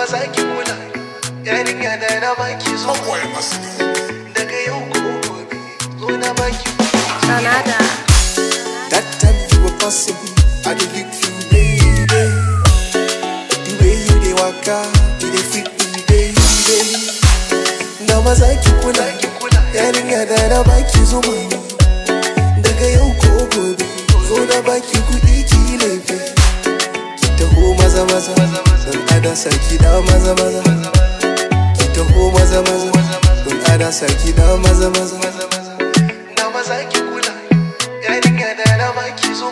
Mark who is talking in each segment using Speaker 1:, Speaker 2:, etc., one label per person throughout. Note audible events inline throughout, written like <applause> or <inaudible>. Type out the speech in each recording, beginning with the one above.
Speaker 1: maza ki kula yarinya da na baki zo daga yau ko gobe zo na baki sanada that time you were possible i dey look you baby the way you dey waka you dey fit me baby na maza ki kula yarinya da na baki zo daga yau ko gobe zo na baki kuɗi maza maza don ada sarki da maza maza ki taho maza maza don ada sarki da maza maza na maza ki kula ka da na baki zo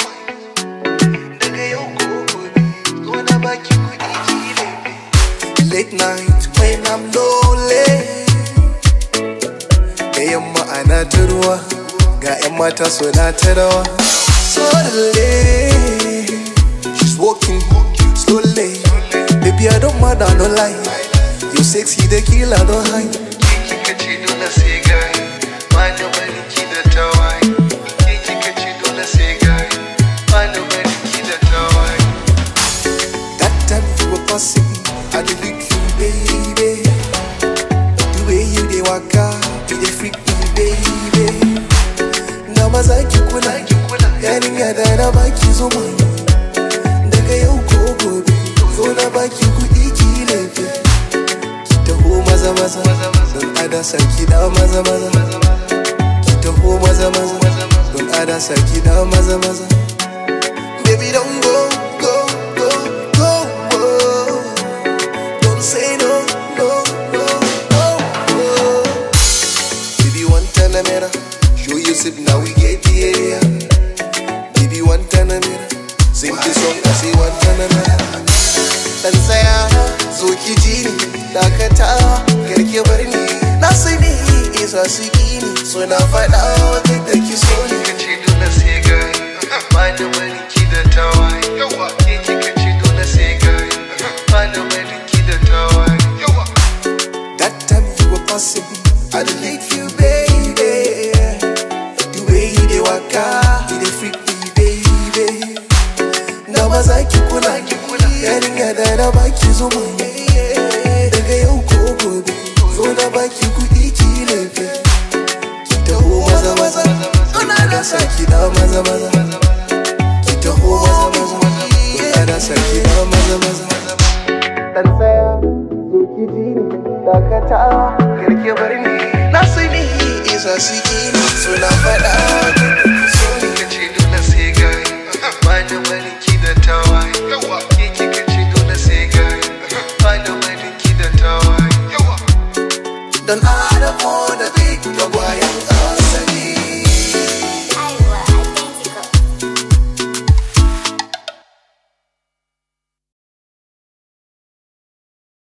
Speaker 1: daga yau ko gobe zo na baki kudi ki lebe late night when i'm lonely da yamma ana ta ruwa ga 'yan mata suna ta rawa suddenly she's walking Baby, I don't mind, I don't lie. You sexy, the kill, I don't hide. That time you were me, I did look you, baby. The way you they walk out, you they baby. Now my side you could like, yeah, like you so much. maza maza don ada saki da maza maza ki taho maza maza don ada saki da maza maza baby don't go take your body Now me is a So when I <laughs> find out, the on you That time you were possible I delete you baby The way you dey waka You dey freak me baby Now I keep on like you Yarinya da na baki zuma Daga yau maza maza ki taho maza maza ina sarki na maza maza dan tsaya ni dakata kirke bar ni na sani isa siki suna faɗa so ni ka ce dole sai gai ba da tawaye ke dole sai tawaye the